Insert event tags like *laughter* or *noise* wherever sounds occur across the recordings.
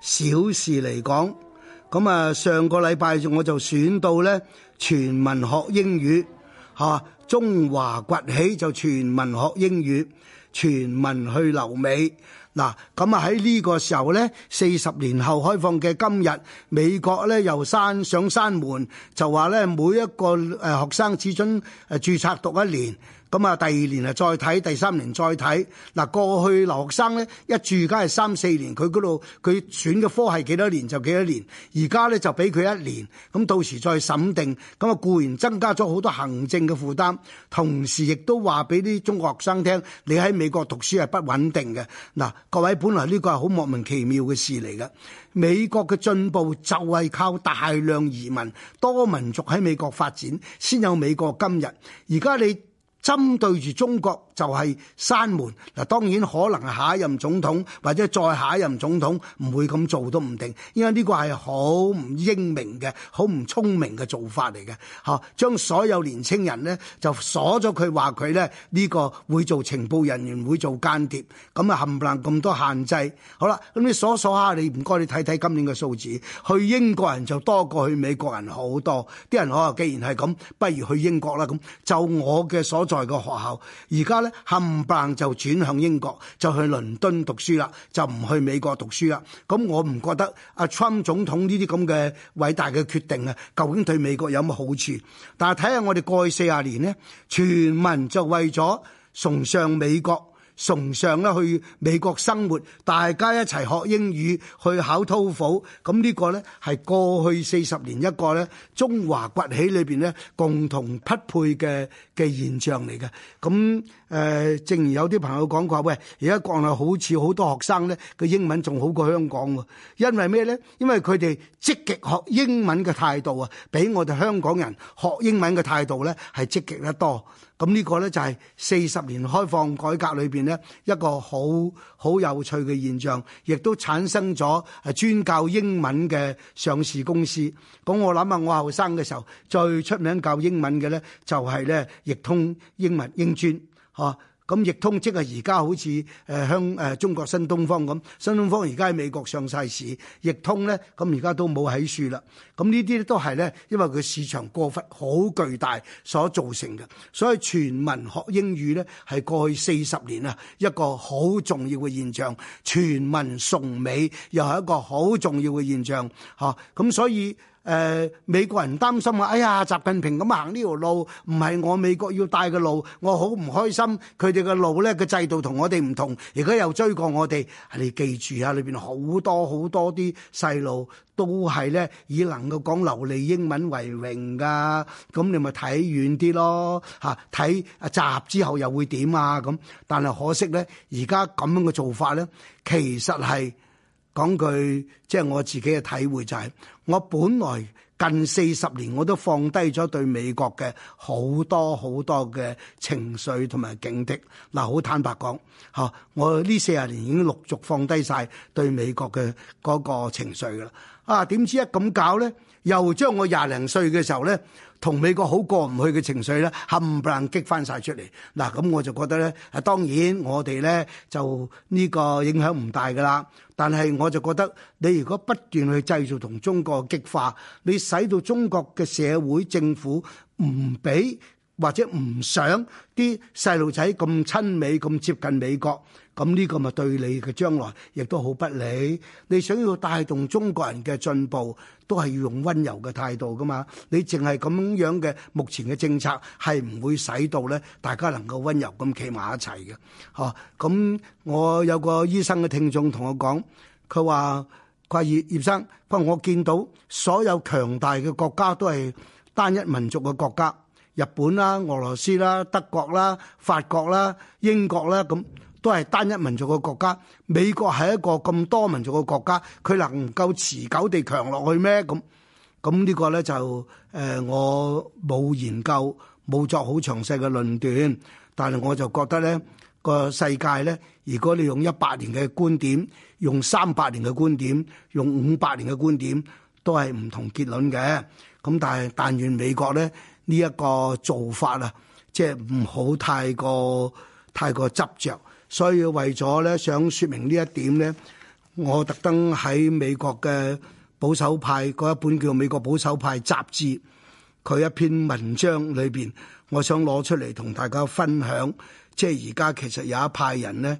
小事嚟講，咁啊上個禮拜我就選到咧，全民學英語嚇，中華崛起就全民學英語，全民去留美。嗱，咁啊喺呢個時候咧，四十年後開放嘅今日，美國咧又關上關門，就話咧每一個誒學生只准誒註冊讀一年。咁啊，第二年啊再睇，第三年再睇。嗱，過去留學生咧一住梗係三四年，佢嗰度佢選嘅科系幾多年就幾多年。而家咧就俾佢一年，咁到時再審定。咁啊固然增加咗好多行政嘅負擔，同時亦都話俾啲中國學生聽，你喺美國讀書係不穩定嘅。嗱，各位本來呢個係好莫名其妙嘅事嚟嘅。美國嘅進步就係靠大量移民、多民族喺美國發展，先有美國今日。而家你。針對住中國就係閂門嗱，當然可能下一任總統或者再下一任總統唔會咁做都唔定，因為呢個係好唔英明嘅，好唔聰明嘅做法嚟嘅。吓，將所有年青人呢就鎖咗佢，話佢咧呢呢個會做情報人員、會做間諜，咁啊冚唪唥咁多限制。好啦，咁你鎖鎖下，你唔該你睇睇今年嘅數字，去英國人就多過去美國人好多，啲人哦，既然係咁，不如去英國啦。咁就我嘅所。在個學校，而家咧冚棒就轉向英國，就去倫敦讀書啦，就唔去美國讀書啦。咁我唔覺得阿 Trump 總統呢啲咁嘅偉大嘅決定啊，究竟對美國有乜好處？但係睇下我哋過去四十年呢，全民就為咗崇尚美國。崇尚咧去美國生活，大家一齊學英語，去考 TOEFL，咁呢個呢係過去四十年一個呢中華崛起裏邊呢共同匹配嘅嘅現象嚟嘅。咁誒，正如有啲朋友講過，喂，而家國內好似好多學生呢個英文仲好過香港喎，因為咩呢？因為佢哋積極學英文嘅態度啊，比我哋香港人學英文嘅態度呢係積極得多。咁呢個呢，就係四十年開放改革裏邊呢一個好好有趣嘅現象，亦都產生咗係專教英文嘅上市公司。咁我諗下，我後生嘅時候最出名教英文嘅呢，就係呢易通英文英專，嚇。咁易通即係而家好似誒香誒中國新東方咁，新東方而家喺美國上晒市，易通咧咁而家都冇喺度啦。咁呢啲都係咧，因為佢市場過分好巨大所造成嘅。所以全民學英語咧，係過去四十年啊一個好重要嘅現象。全民崇美又係一個好重要嘅現象。嚇，咁所以。誒、呃，美國人擔心啊！哎呀，習近平咁行呢條路，唔係我美國要帶嘅路，我好唔開心。佢哋嘅路咧，個制度同我哋唔同，而家又追過我哋。你記住啊，裏邊好多好多啲細路都係咧以能夠講流利英文為榮噶，咁你咪睇遠啲咯，吓睇集合之後又會點啊咁。但係可惜咧，而家咁樣嘅做法咧，其實係。講句，即係我自己嘅體會就係，我本來近四十年我都放低咗對美國嘅好多好多嘅情緒同埋警惕。嗱，好坦白講，嚇，我呢四十年已經陸續放低晒對美國嘅嗰個情緒噶啦。啊，點知一咁搞咧？又將我廿零歲嘅時候呢，同美國好過唔去嘅情緒呢，冚唪唥激翻晒出嚟。嗱，咁我就覺得呢，啊，當然我哋呢，就呢個影響唔大噶啦，但係我就覺得你如果不斷去製造同中國嘅激化，你使到中國嘅社會政府唔俾。或者唔想啲細路仔咁親美咁接近美國，咁呢個咪對你嘅將來亦都好不利。你想要帶動中國人嘅進步，都係要用温柔嘅態度噶嘛？你淨係咁樣嘅目前嘅政策係唔會使到咧，大家能夠温柔咁企埋一齊嘅。吓，咁我有個醫生嘅聽眾同我講，佢話，佢話葉葉生，佢話我見到所有強大嘅國家都係單一民族嘅國家。日本啦、俄羅斯啦、德國啦、法國啦、英國啦，咁都係單一民族嘅國家。美國係一個咁多民族嘅國家，佢能夠持久地強落去咩？咁咁呢個咧就誒、呃，我冇研究，冇作好詳細嘅論斷。但係我就覺得咧，這個世界咧，如果你用一百年嘅觀點，用三百年嘅觀點，用五百年嘅觀點，都係唔同結論嘅。咁但係，但願美國咧。呢一個做法啊，即係唔好太過太過執着。所以為咗咧想説明呢一點咧，我特登喺美國嘅保守派嗰一本叫《美國保守派雜誌》，佢一篇文章裏邊，我想攞出嚟同大家分享。即係而家其實有一派人咧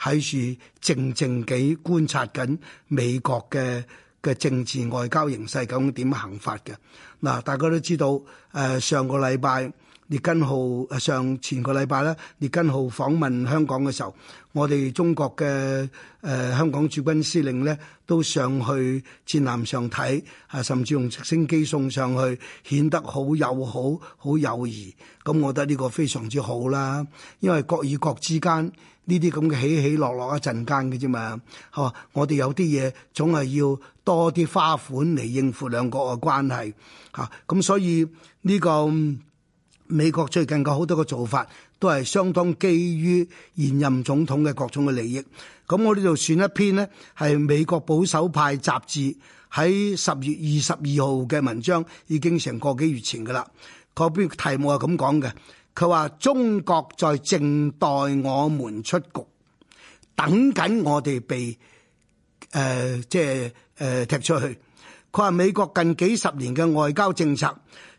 喺住靜靜地觀察緊美國嘅嘅政治外交形勢究竟點行法嘅嗱？大家都知道，誒，上個禮拜，列根號上前個禮拜咧，列根號訪問香港嘅時候，我哋中國嘅誒、呃、香港駐軍司令咧都上去戰艦上睇，啊，甚至用直升機送上去，顯得好友好、好友誼，咁、嗯、我覺得呢個非常之好啦，因為國與國之間。呢啲咁嘅起起落落一陣間嘅啫嘛，嚇、啊！我哋有啲嘢總係要多啲花款嚟應付兩國嘅關係，嚇、啊！咁、嗯、所以呢、呢個、嗯、美國最近嘅好多個做法都係相當基於現任總統嘅各種嘅利益。咁、嗯、我呢度選一篇呢，係美國保守派雜誌喺十月二十二號嘅文章，已經成個幾月前嘅啦。嗰篇題目係咁講嘅。佢話：中國在正待我們出局，等緊我哋被誒、呃、即係、呃、踢出去。佢話美國近幾十年嘅外交政策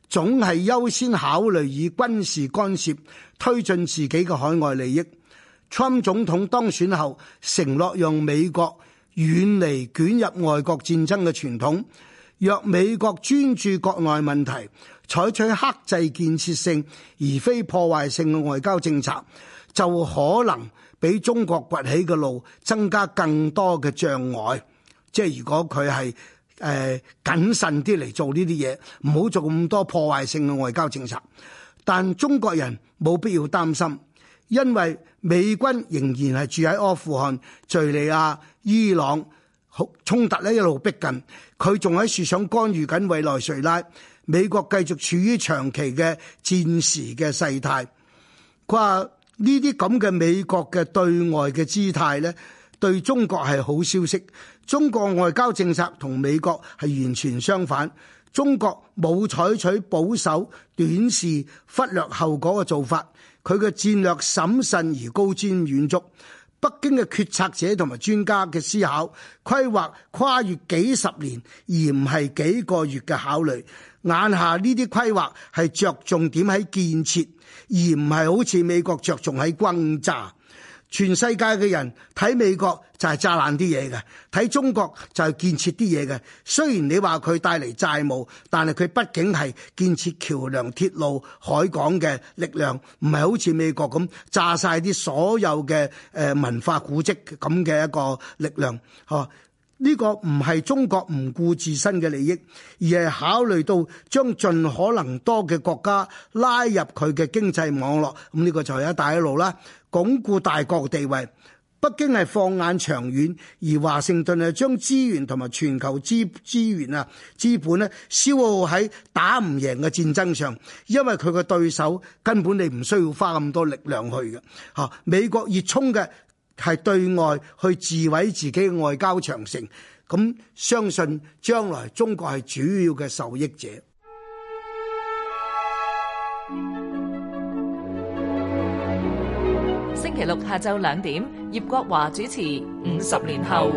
總係優先考慮以軍事干涉推進自己嘅海外利益。川總統當選後承諾用美國遠離捲入外國戰爭嘅傳統，若美國專注國內問題。採取克制建設性而非破壞性嘅外交政策，就可能俾中國崛起嘅路增加更多嘅障礙。即係如果佢係誒謹慎啲嚟做呢啲嘢，唔好做咁多破壞性嘅外交政策。但中國人冇必要擔心，因為美軍仍然係駐喺阿富汗、敍利亞、伊朗，衝突呢一路逼近，佢仲喺樹上干預緊委內瑞拉。美國繼續處於長期嘅戰時嘅勢態，佢話呢啲咁嘅美國嘅對外嘅姿態咧，對中國係好消息。中國外交政策同美國係完全相反，中國冇採取保守短視、忽略後果嘅做法，佢嘅戰略審慎而高瞻遠矚。北京嘅決策者同埋專家嘅思考規劃跨越幾十年，而唔係幾個月嘅考慮，眼下呢啲規劃係着重點喺建設，而唔係好似美國着重喺轟炸。全世界嘅人睇美國就係炸爛啲嘢嘅，睇中國就係建設啲嘢嘅。雖然你話佢帶嚟債務，但係佢畢竟係建設橋樑、鐵路、海港嘅力量，唔係好似美國咁炸晒啲所有嘅誒文化古跡咁嘅一個力量。嚇，呢個唔係中國唔顧自身嘅利益，而係考慮到將盡可能多嘅國家拉入佢嘅經濟網絡，咁，呢個就係一帶一路啦。鞏固大國地位，北京係放眼長遠，而華盛頓係將資源同埋全球資資源啊資本咧消耗喺打唔贏嘅戰爭上，因為佢嘅對手根本你唔需要花咁多力量去嘅吓、啊。美國熱衷嘅係對外去自毀自己嘅外交長城，咁、啊、相信將來中國係主要嘅受益者。 *music* 星期六下晝兩點，葉國華主持《五十年後》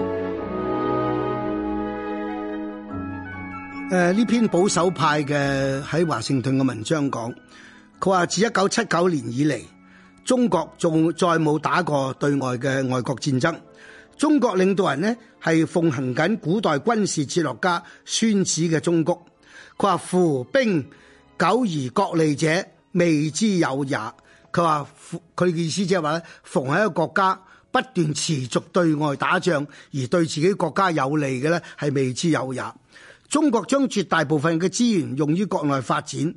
呃。誒，呢篇保守派嘅喺華盛頓嘅文章講，佢話自一九七九年以嚟，中國仲再冇打過對外嘅外國戰爭。中國領導人呢係奉行緊古代軍事哲學家孫子嘅忠告，佢話：夫兵久而國利者，未之有也。佢話：佢嘅意思即係話咧，逢喺一個國家不斷持續對外打仗而對自己國家有利嘅咧，係未之有也。中國將絕大部分嘅資源用於國內發展。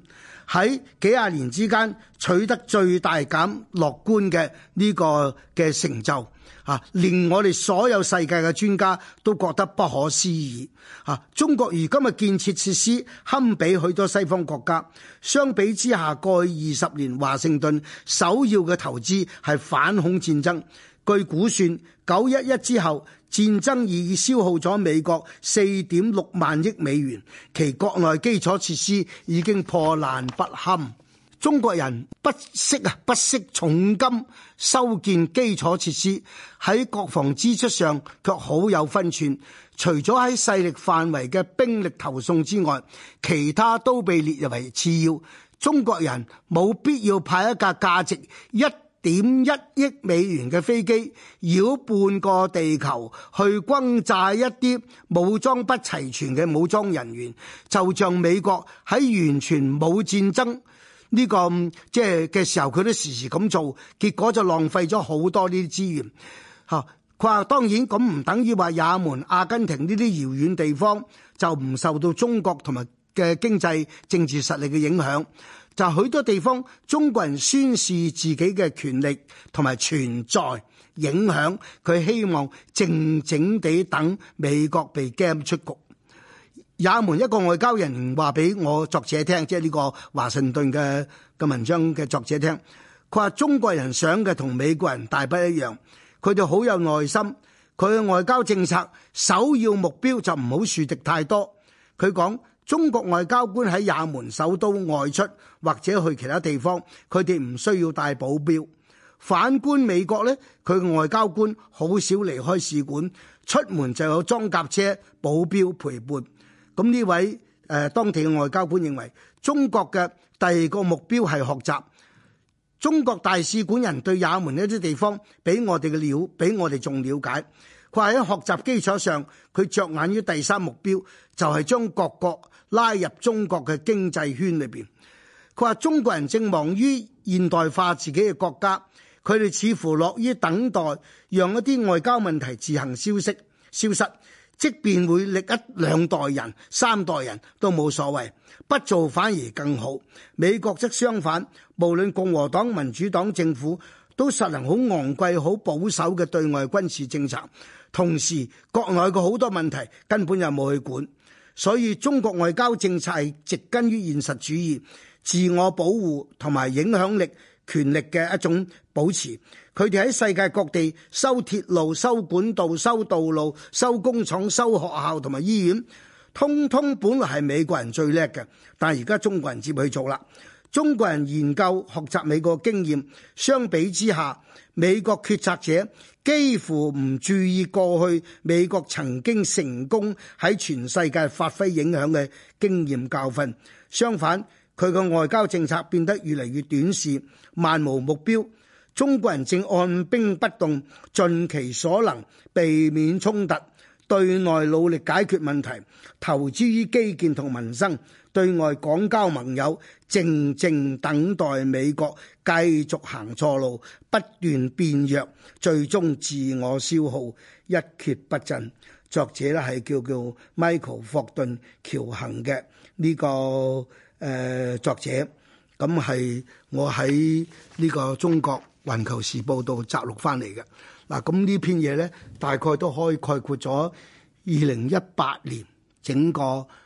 喺幾廿年之間取得最大減樂觀嘅呢個嘅成就，吓連我哋所有世界嘅專家都覺得不可思議，吓中國如今嘅建設設施堪比許多西方國家，相比之下，過去二十年華盛頓首要嘅投資係反恐戰爭，據估算九一一之後。戰爭已消耗咗美國四點六萬億美元，其國內基礎設施已經破爛不堪。中國人不惜啊，不惜重金修建基礎設施，喺國防支出上卻好有分寸。除咗喺勢力範圍嘅兵力投送之外，其他都被列入為次要。中國人冇必要派一架價值一點一億美元嘅飛機，繞半個地球去轟炸一啲武裝不齊全嘅武裝人員，就像美國喺完全冇戰爭呢、這個即係嘅時候，佢都時時咁做，結果就浪費咗好多呢啲資源。吓、啊，佢話當然咁唔等於話也門、阿根廷呢啲遙遠地方就唔受到中國同埋嘅經濟、政治實力嘅影響。就許多地方，中國人宣示自己嘅權力同埋存在影響，佢希望靜靜地等美國被 game 出局。也門一個外交人話俾我作者聽，即係呢個華盛頓嘅嘅文章嘅作者聽，佢話中國人想嘅同美國人大不一樣，佢哋好有耐心，佢嘅外交政策首要目標就唔好樹敵太多。佢講。中國外交官喺也門首都外出或者去其他地方，佢哋唔需要帶保鏢。反觀美國呢，佢外交官好少離開使館，出門就有裝甲車保鏢陪伴。咁呢位誒當地嘅外交官認為，中國嘅第二個目標係學習。中國大使館人對也門呢啲地方比我哋嘅了，比我哋仲瞭解。佢喺學習基礎上，佢着眼於第三目標，就係將各國拉入中國嘅經濟圈裏邊。佢話：中國人正忙於現代化自己嘅國家，佢哋似乎樂於等待，讓一啲外交問題自行消息消失。即便會歷一兩代人、三代人都冇所謂，不做反而更好。美國則相反，無論共和黨、民主黨政府都實行好昂貴、好保守嘅對外軍事政策。同時，國內嘅好多問題根本就冇去管，所以中國外交政策係植根於現實主義、自我保護同埋影響力權力嘅一種保持。佢哋喺世界各地修鐵路、修管道、修道路、修工廠、修學校同埋醫院，通通本來係美國人最叻嘅，但係而家中國人接去做啦。中國人研究學習美國經驗，相比之下，美國決策者幾乎唔注意過去美國曾經成功喺全世界發揮影響嘅經驗教訓。相反，佢嘅外交政策變得越嚟越短視、漫無目標。中國人正按兵不動，盡其所能避免衝突，對內努力解決問題，投資於基建同民生。對外廣交盟友，靜靜等待美國繼續行錯路，不斷變弱，最終自我消耗，一蹶不振。作者咧係叫叫 Michael 霍頓喬行嘅呢、這個誒、呃、作者，咁係我喺呢個中國環球時報度摘錄翻嚟嘅。嗱，咁呢篇嘢咧，大概都可以概括咗二零一八年整個。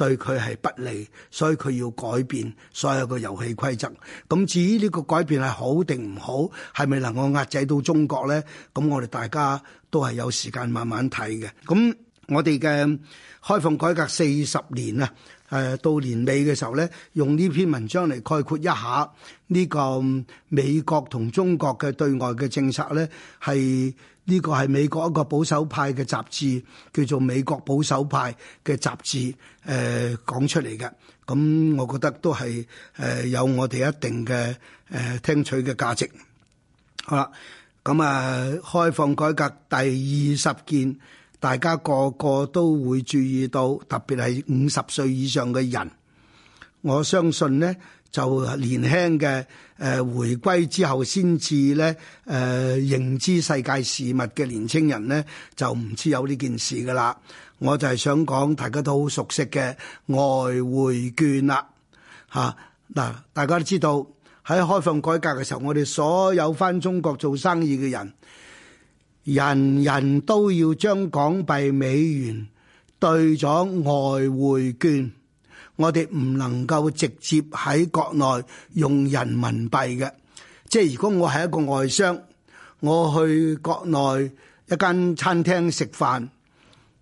對佢係不利，所以佢要改變所有嘅遊戲規則。咁至於呢個改變係好定唔好，係咪能夠壓制到中國呢？咁我哋大家都係有時間慢慢睇嘅。咁我哋嘅開放改革四十年啊，誒到年尾嘅時候呢，用呢篇文章嚟概括一下呢個美國同中國嘅對外嘅政策呢，係。呢個係美國一個保守派嘅雜誌，叫做《美國保守派》嘅雜誌，誒、呃、講出嚟嘅，咁、嗯、我覺得都係誒、呃、有我哋一定嘅誒、呃、聽取嘅價值。好啦，咁、嗯、啊開放改革第二十件，大家個個都會注意到，特別係五十歲以上嘅人，我相信咧。就年輕嘅誒回歸之後，先至咧誒認知世界事物嘅年青人咧，就唔知有呢件事噶啦。我就係想講，大家都好熟悉嘅外匯券啦，嚇、啊、嗱，大家都知道喺開放改革嘅時候，我哋所有返中國做生意嘅人，人人都要將港幣美元兌咗外匯券。我哋唔能夠直接喺國內用人民幣嘅，即係如果我係一個外商，我去國內一間餐廳食飯。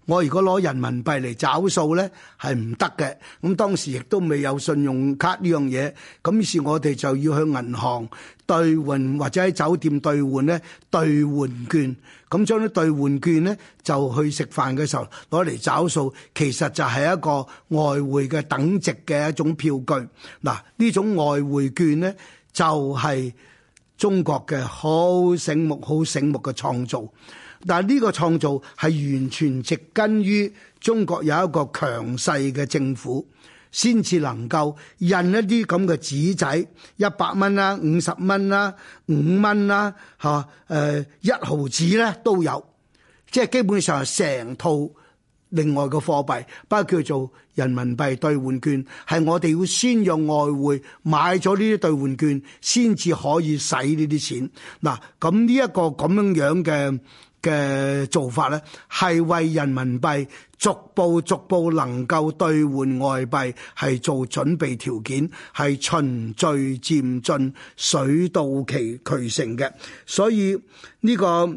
我如果攞人民幣嚟找數呢，係唔得嘅。咁當時亦都未有信用卡呢樣嘢，咁於是，我哋就要去銀行兌換，或者喺酒店兌換呢兌換券。咁將啲兌換券呢，就去食飯嘅時候攞嚟找數，其實就係一個外匯嘅等值嘅一種票據。嗱，呢種外匯券呢，就係中國嘅好醒目、好醒目嘅創造。但係呢個創造係完全植根於中國有一個強勢嘅政府，先至能夠印一啲咁嘅紙仔、啊啊啊呃，一百蚊啦、五十蚊啦、五蚊啦，嚇誒一毫紙咧都有，即係基本上係成套另外嘅貨幣，包括叫做人民幣兌換券，係我哋要先用外匯買咗呢啲兌換券，先至可以使呢啲錢。嗱，咁呢一個咁樣樣嘅。嘅做法咧，係為人民幣逐步逐步能夠兌換外幣，係做準備條件，係循序漸進，水到渠渠成嘅，所以呢個。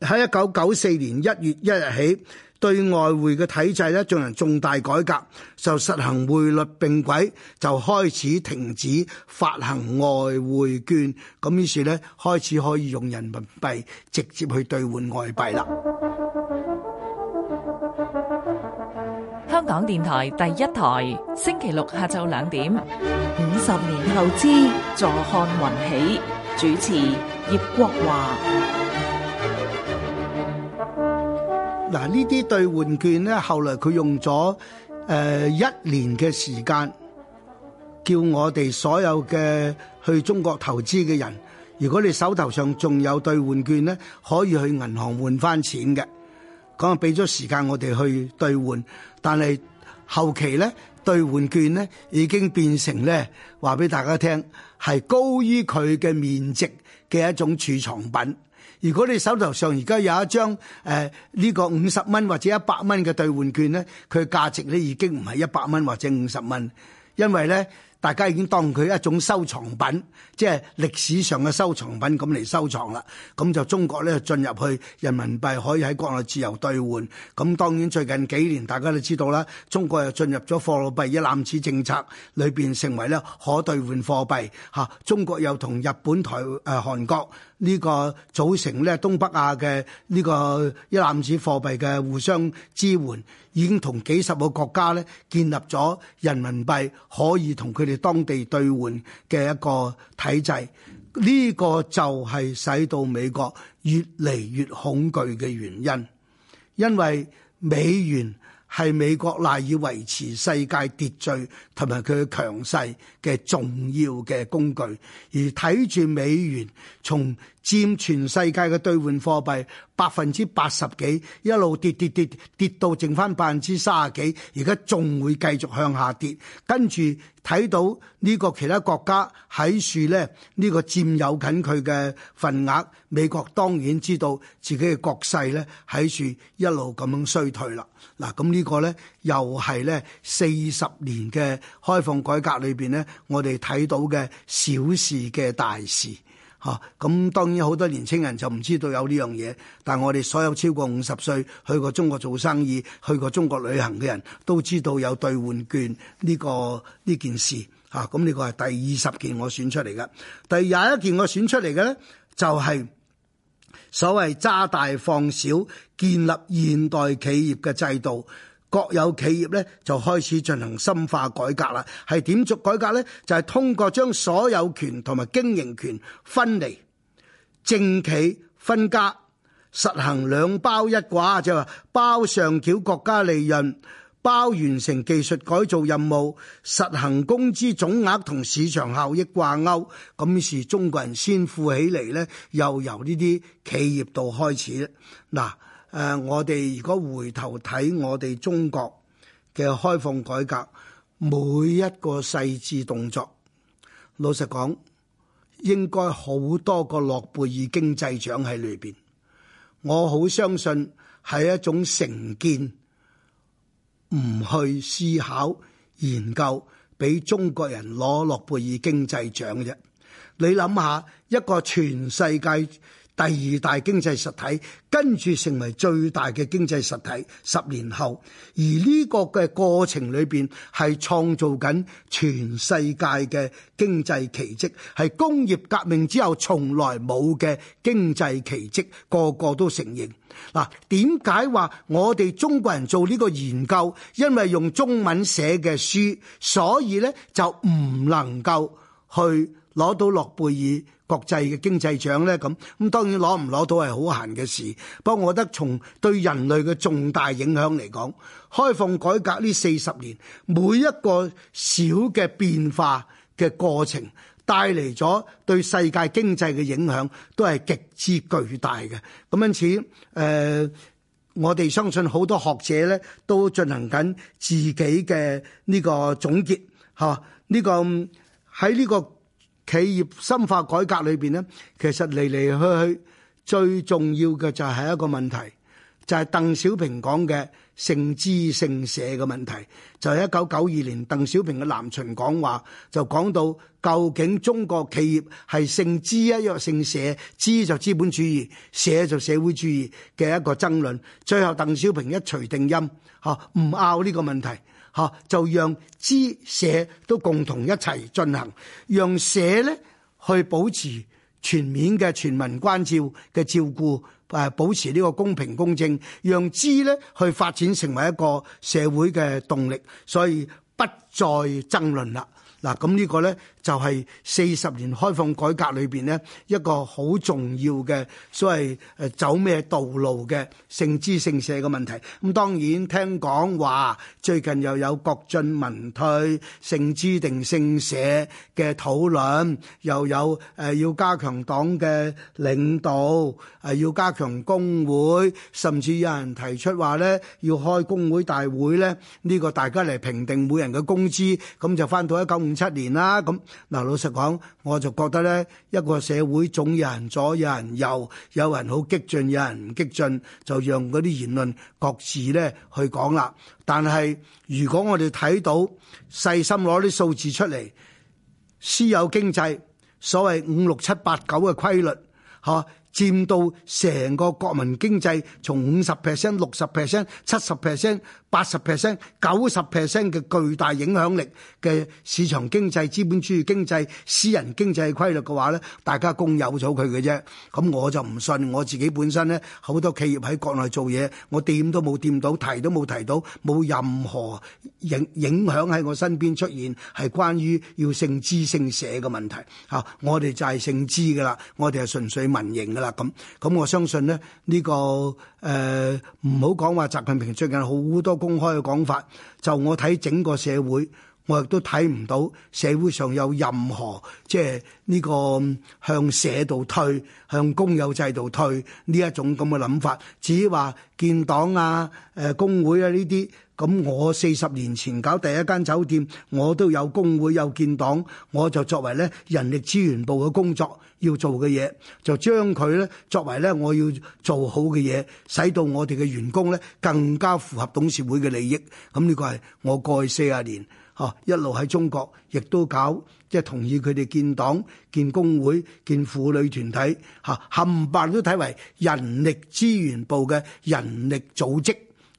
喺一九九四年一月一日起，對外匯嘅體制咧進行重大改革，就實行匯率並軌，就開始停止發行外匯券，咁於是咧開始可以用人民幣直接去兌換外幣啦。香港電台第一台，星期六下晝兩點，五十年後知，坐看雲起，主持葉國華。嗱，呢啲兌換券咧，後來佢用咗誒、呃、一年嘅時間叫我哋所有嘅去中國投資嘅人，如果你手頭上仲有兌換券咧，可以去銀行換翻錢嘅，講啊俾咗時間我哋去兌換，但係後期咧兌換券咧已經變成咧，話俾大家聽，係高於佢嘅面值嘅一種儲藏品。如果你手頭上而家有一張誒呢個五十蚊或者一百蚊嘅兌換券咧，佢嘅價值咧已經唔係一百蚊或者五十蚊，因為咧。大家已經當佢一種收藏品，即係歷史上嘅收藏品咁嚟收藏啦。咁就中國咧進入去人民幣可以喺國內自由兌換，咁當然最近幾年大家都知道啦，中國又進入咗貨幣一攬子政策裏邊成為咧可兌換貨幣吓，中國又同日本台、台誒韓國呢個組成咧東北亞嘅呢個一攬子貨幣嘅互相支援，已經同幾十個國家咧建立咗人民幣可以同佢。當地兌換嘅一個體制，呢個就係使到美國越嚟越恐懼嘅原因，因為美元係美國賴以維持世界秩序同埋佢嘅強勢嘅重要嘅工具，而睇住美元從。佔全世界嘅兌換貨幣百分之八十幾，一路跌跌跌跌到剩翻百分之三十幾，而家仲會繼續向下跌。跟住睇到呢個其他國家喺住咧，呢個佔有緊佢嘅份額。美國當然知道自己嘅國勢咧，喺住一路咁樣衰退啦。嗱，咁呢個咧又係咧四十年嘅開放改革裏邊咧，我哋睇到嘅小事嘅大事。嚇，咁、啊、當然好多年青人就唔知道有呢樣嘢，但係我哋所有超過五十歲去過中國做生意、去過中國旅行嘅人都知道有兌換券呢、呢個呢件事。嚇、啊，咁呢個係第二十件我選出嚟嘅，第廿一件我選出嚟嘅呢，就係、係、所謂揸大放小，建立現代企業嘅制度。國有企業咧就開始進行深化改革啦，係點做改革呢？就係、是、通過將所有權同埋經營權分離，政企分家，實行兩包一掛，就係話包上繳國家利潤，包完成技術改造任務，實行工資總額同市場效益掛鈎。咁是中國人先富起嚟呢，又由呢啲企業度開始嗱。誒，我哋如果回頭睇我哋中國嘅開放改革，每一個細緻動作，老實講，應該好多個諾貝爾經濟獎喺裏邊。我好相信係一種成見，唔去思考研究，俾中國人攞諾貝爾經濟獎嘅啫。你諗下一個全世界，第二大經濟實體跟住成為最大嘅經濟實體十年後，而呢個嘅過程裏邊係創造緊全世界嘅經濟奇蹟，係工業革命之後從來冇嘅經濟奇蹟，個個都承認。嗱、啊，點解話我哋中國人做呢個研究？因為用中文寫嘅書，所以呢就唔能夠去，攞到諾貝爾國際嘅經濟獎呢，咁咁當然攞唔攞到係好閒嘅事。不過，我覺得從對人類嘅重大影響嚟講，開放改革呢四十年每一個小嘅變化嘅過程，帶嚟咗對世界經濟嘅影響都係極之巨大嘅。咁因此，誒、呃、我哋相信好多學者呢都進行緊自己嘅呢個總結嚇呢個喺呢個。企業深化改革裏邊咧，其實嚟嚟去去最重要嘅就係一個問題，就係、是、鄧小平講嘅“姓資姓社”嘅問題。就係一九九二年鄧小平嘅南巡講話，就講到究竟中國企業係姓資抑或姓社，資就資本主義，社就社會主義嘅一個爭論。最後鄧小平一錘定音，嚇唔拗呢個問題。吓，就讓知社都共同一齊進行，讓社咧去保持全面嘅全民關照嘅照顧，誒，保持呢個公平公正，讓資咧去發展成為一個社會嘅動力，所以不再爭論啦。嗱，咁呢個咧就係四十年開放改革裏邊咧一個好重要嘅所謂誒走咩道路嘅姓資姓社嘅問題。咁當然聽講話最近又有國進民退、姓資定姓社嘅討論，又有誒要加強黨嘅領導，誒要加強工會，甚至有人提出話咧要開工會大會咧，呢個大家嚟評定每人嘅工資，咁就返到一九五。五七年啦，咁嗱、嗯，老實講，我就覺得呢一個社會總有人左，有人右，有人好激進，有人唔激進，就讓嗰啲言論各自呢去講啦。但係如果我哋睇到細心攞啲數字出嚟，私有經濟所謂五六七八九嘅規律，吓、啊。佔到成個國民經濟從五十 percent、六十 percent、七十 percent、八十 percent、九十 percent 嘅巨大影響力嘅市場經濟、資本主義經濟、私人經濟規律嘅話咧，大家公有咗佢嘅啫。咁我就唔信我自己本身咧，好多企業喺國內做嘢，我掂都冇掂到，提都冇提到，冇任何影影響喺我身邊出現，係關於要姓資姓社嘅問題。嚇，我哋就係姓資噶啦，我哋係純粹民營。啦咁，咁我相信咧，呢個誒唔好講話習近平最近好多公開嘅講法，就我睇整個社會，我亦都睇唔到社會上有任何即係呢個向社度推、向公有制度推呢一種咁嘅諗法，至於話建黨啊、誒工會啊呢啲。咁我四十年前搞第一間酒店，我都有工會，有建黨，我就作為咧人力資源部嘅工作要做嘅嘢，就將佢咧作為咧我要做好嘅嘢，使到我哋嘅員工咧更加符合董事會嘅利益。咁呢個係我過去四十年吓一路喺中國，亦都搞即係、就是、同意佢哋建黨、建工會、建婦女團體吓，冚唪唥都睇為人力資源部嘅人力組織。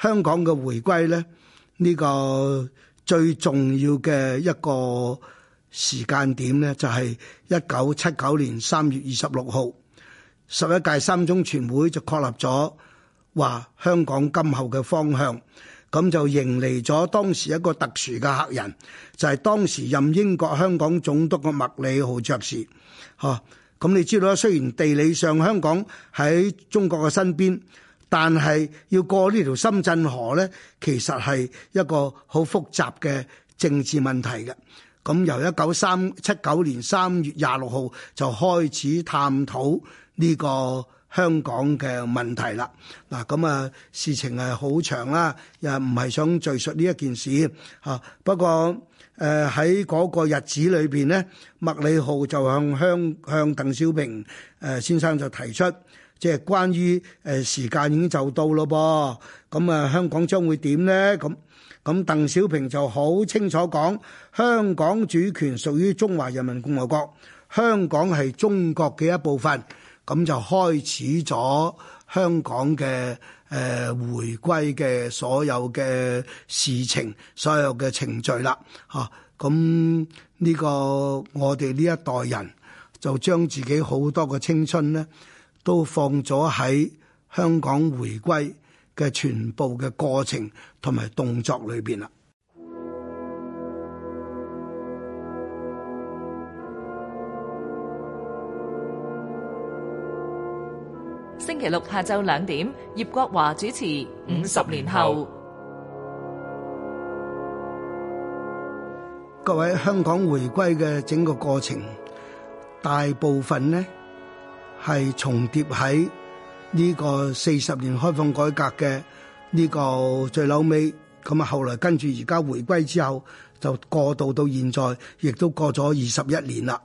香港嘅回歸呢，呢、這個最重要嘅一個時間點呢，就係一九七九年三月二十六號，十一屆三中全會就確立咗話香港今後嘅方向，咁就迎嚟咗當時一個特殊嘅客人，就係、是、當時任英國香港總督嘅麥理浩爵士，吓、啊，咁你知道啦，雖然地理上香港喺中國嘅身邊。但係要過呢條深圳河咧，其實係一個好複雜嘅政治問題嘅。咁、嗯、由一九三七九年三月廿六號就開始探討呢個香港嘅問題啦。嗱、嗯，咁、嗯、啊事情係好長啦，又唔係想敘述呢一件事。吓，不過誒喺嗰個日子裏邊咧，麥理浩就向香向鄧小平誒先生就提出。即係關於誒時間已經就到咯噃，咁啊香港將會點咧？咁咁鄧小平就好清楚講，香港主權屬於中華人民共和國，香港係中國嘅一部分，咁就開始咗香港嘅誒、呃、回歸嘅所有嘅事情，所有嘅程序啦。吓、啊，咁呢、這個我哋呢一代人就將自己好多嘅青春咧。都放咗喺香港回歸嘅全部嘅過程同埋動作裏邊啦。星期六下晝兩點，葉國華主持《五十年後》五五年後。各位，香港回歸嘅整個過程，大部分呢？係重疊喺呢個四十年開放改革嘅呢個最後尾，咁啊後來跟住而家回歸之後，就過渡到現在，亦都過咗二十一年啦。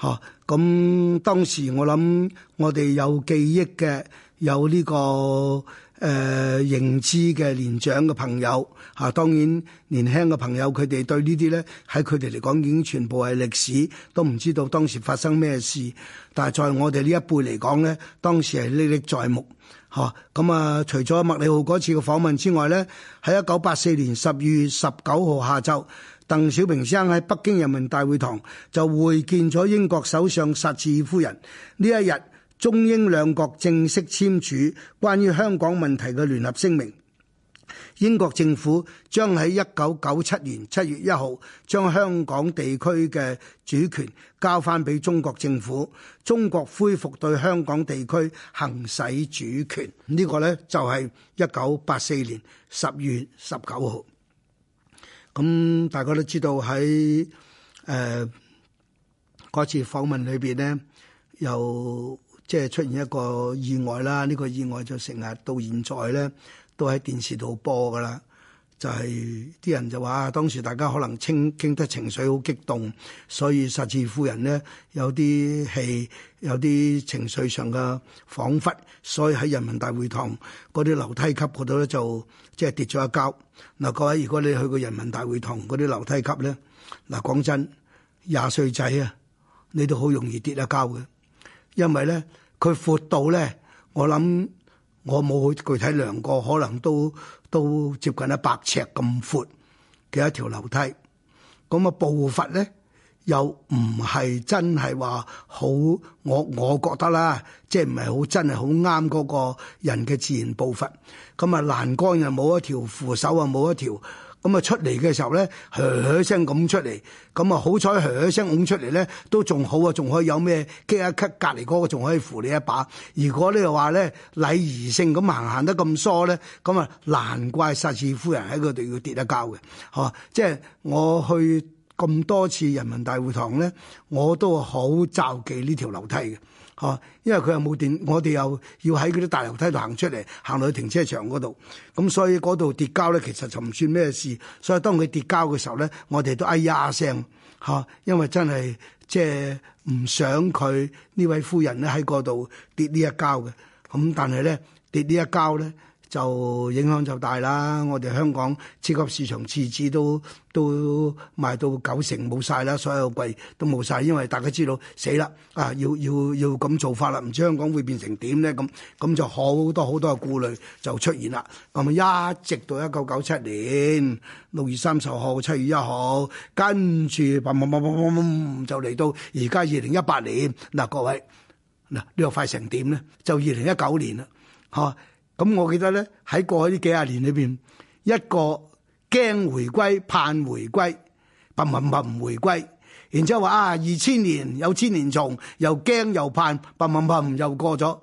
嚇！咁當時我諗，我哋有記憶嘅，有呢個。誒、呃、認知嘅年長嘅朋友嚇、啊，當然年輕嘅朋友佢哋對呢啲呢，喺佢哋嚟講已經全部係歷史，都唔知道當時發生咩事。但係在我哋呢一輩嚟講呢，當時係歷歷在目嚇。咁啊，啊，除咗麥理浩嗰次嘅訪問之外呢，喺一九八四年十二月十九號下晝，鄧小平先生喺北京人民大會堂就會見咗英國首相撒切爾夫人呢一日。中英兩國正式簽署關於香港問題嘅聯合聲明，英國政府將喺一九九七年七月一號將香港地區嘅主權交翻俾中國政府，中國恢復對香港地區行使主權。呢個呢，就係一九八四年十月十九號。咁大家都知道喺誒嗰次訪問裏邊呢，有。即係出現一個意外啦，呢、這個意外就成日到現在咧，都喺電視度播㗎喇。就係、是、啲人就話啊，當時大家可能傾、傾得情緒好激動，所以撒切爾夫人咧有啲氣，有啲情緒上嘅恍惚，所以喺人民大會堂嗰啲樓梯級嗰度咧就即係、就是、跌咗一跤。嗱，各位如果你去過人民大會堂嗰啲樓梯級咧，嗱，講真，廿歲仔啊，你都好容易跌一跤嘅。因為咧，佢闊度咧，我諗我冇去具體量過，可能都都接近一百尺咁闊嘅一條樓梯。咁啊步伐咧又唔係真係話好，我我覺得啦，即係唔係好真係好啱嗰個人嘅自然步伐。咁啊欄杆又冇一條扶手啊，冇一條。咁啊出嚟嘅時候咧，噏噏聲咁出嚟，咁啊好彩噏噏聲㧬出嚟咧，都仲好啊，仲可以有咩？激一咳隔離嗰個仲可以扶你一把。如果呢你話咧禮儀性咁行行得咁疏咧，咁啊難怪撒士夫人喺嗰度要跌一跤嘅。哦，即係我去咁多次人民大會堂咧，我都好詬記呢條樓梯嘅。哦，因為佢又冇電，我哋又要喺嗰啲大樓梯度行出嚟，行到去停車場嗰度，咁所以嗰度跌跤咧，其實就唔算咩事。所以當佢跌跤嘅時候咧，我哋都哎呀聲，嚇，因為真係即係唔想佢呢位夫人咧喺嗰度跌呢一跤嘅。咁但係咧跌呢一跤咧。就影響就大啦！我哋香港超級市場廁紙都都賣到九成冇晒啦，所有櫃都冇晒，因為大家知道死啦啊！要要要咁做法啦，唔知香港會變成點咧？咁咁就好多好多嘅顧慮就出現啦。咁啊，一直到一九九七年六月三十號、七月一號，跟住嘭嘭嘭嘭嘭就嚟到而家二零一八年。嗱，各位嗱，呢個快成點咧？就二零一九年啦，嚇！咁我記得咧，喺過去呢幾十年裏邊，一個驚回歸，盼回歸，頻頻頻回歸，然之後話啊，二千年有千年蟲，又驚又盼，頻頻頻又過咗。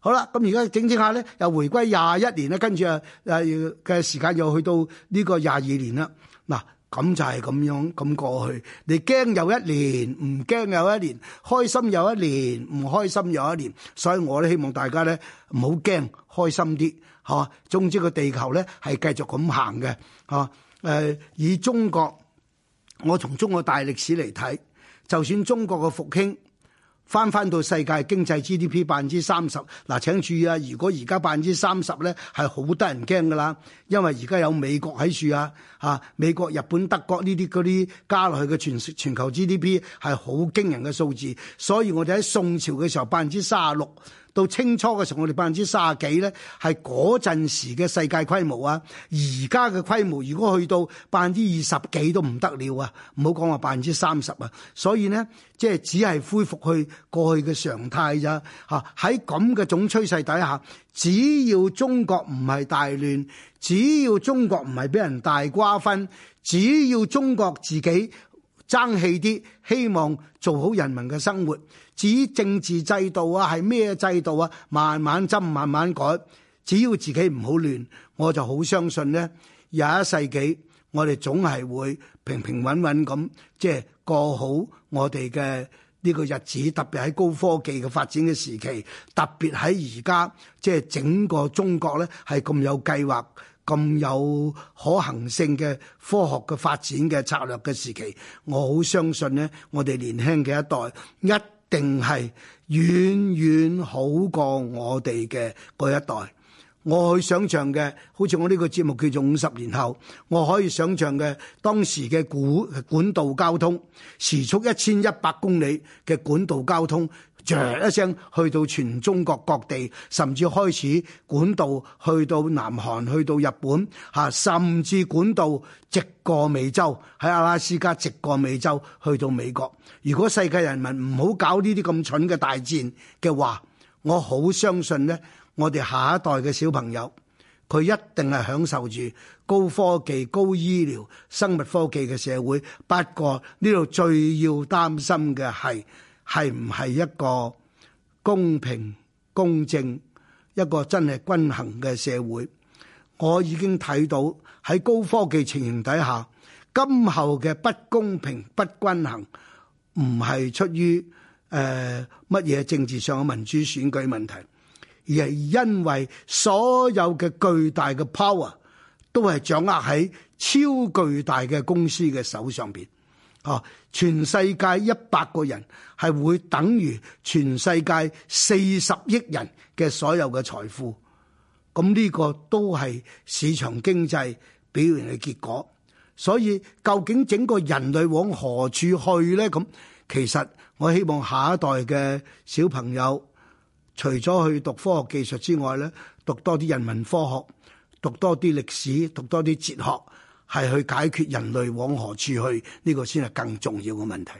好啦，咁而家整整下咧，又回歸廿一年咧，跟住啊啊嘅時間又去到呢個廿二年啦，嗱。咁就係咁樣咁過去，你驚又一年，唔驚又一年，開心又一年，唔開心又一年，所以我咧希望大家咧唔好驚，開心啲，吓、啊。總之個地球咧係繼續咁行嘅，吓。誒，以中國，我從中國大歷史嚟睇，就算中國嘅復興。返返到世界經濟 GDP 百分之三十，嗱、啊，請注意啊！如果而家百分之三十呢，係好得人驚噶啦，因為而家有美國喺處啊，嚇美國、日本、德國呢啲嗰啲加落去嘅全全球 GDP 係好驚人嘅數字，所以我哋喺宋朝嘅時候，百分之三十六。到清初嘅時候，我哋百分之三十幾咧，係嗰陣時嘅世界規模啊！而家嘅規模，如果去到百分之二十幾都唔得了啊！唔好講話百分之三十啊！所以呢，即係只係恢復去過去嘅常態咋嚇？喺咁嘅總趨勢底下，只要中國唔係大亂，只要中國唔係俾人大瓜分，只要中國自己，爭氣啲，希望做好人民嘅生活。至於政治制度啊，係咩制度啊，慢慢斟，慢慢改。只要自己唔好亂，我就好相信呢。廿一世紀，我哋總係會平平穩穩咁，即係過好我哋嘅呢個日子。特別喺高科技嘅發展嘅時期，特別喺而家，即係整個中國呢，係咁有計劃。咁有可行性嘅科學嘅發展嘅策略嘅時期，我好相信呢，我哋年輕嘅一代一定係遠遠好過我哋嘅嗰一代。我去想象嘅，好似我呢個節目叫做五十年後，我可以想象嘅當時嘅管管道交通時速一千一百公里嘅管道交通，一聲去到全中國各地，甚至開始管道去到南韓、去到日本，嚇、啊，甚至管道直過美洲，喺阿拉斯加直過美洲去到美國。如果世界人民唔好搞呢啲咁蠢嘅大戰嘅話，我好相信呢，我哋下一代嘅小朋友佢一定係享受住高科技、高醫療、生物科技嘅社會。不過呢度最要擔心嘅係。係唔係一個公平、公正、一個真係均衡嘅社會？我已經睇到喺高科技情形底下，今後嘅不公平、不均衡，唔係出於誒乜嘢政治上嘅民主選舉問題，而係因為所有嘅巨大嘅 power 都係掌握喺超巨大嘅公司嘅手上邊。哦、啊，全世界一百個人係會等於全世界四十億人嘅所有嘅財富，咁呢個都係市場經濟表現嘅結果。所以究竟整個人類往何處去呢？咁其實我希望下一代嘅小朋友，除咗去讀科學技術之外呢，讀多啲人文科學，讀多啲歷史，讀多啲哲學。係去解決人類往何處去，呢個先係更重要嘅問題。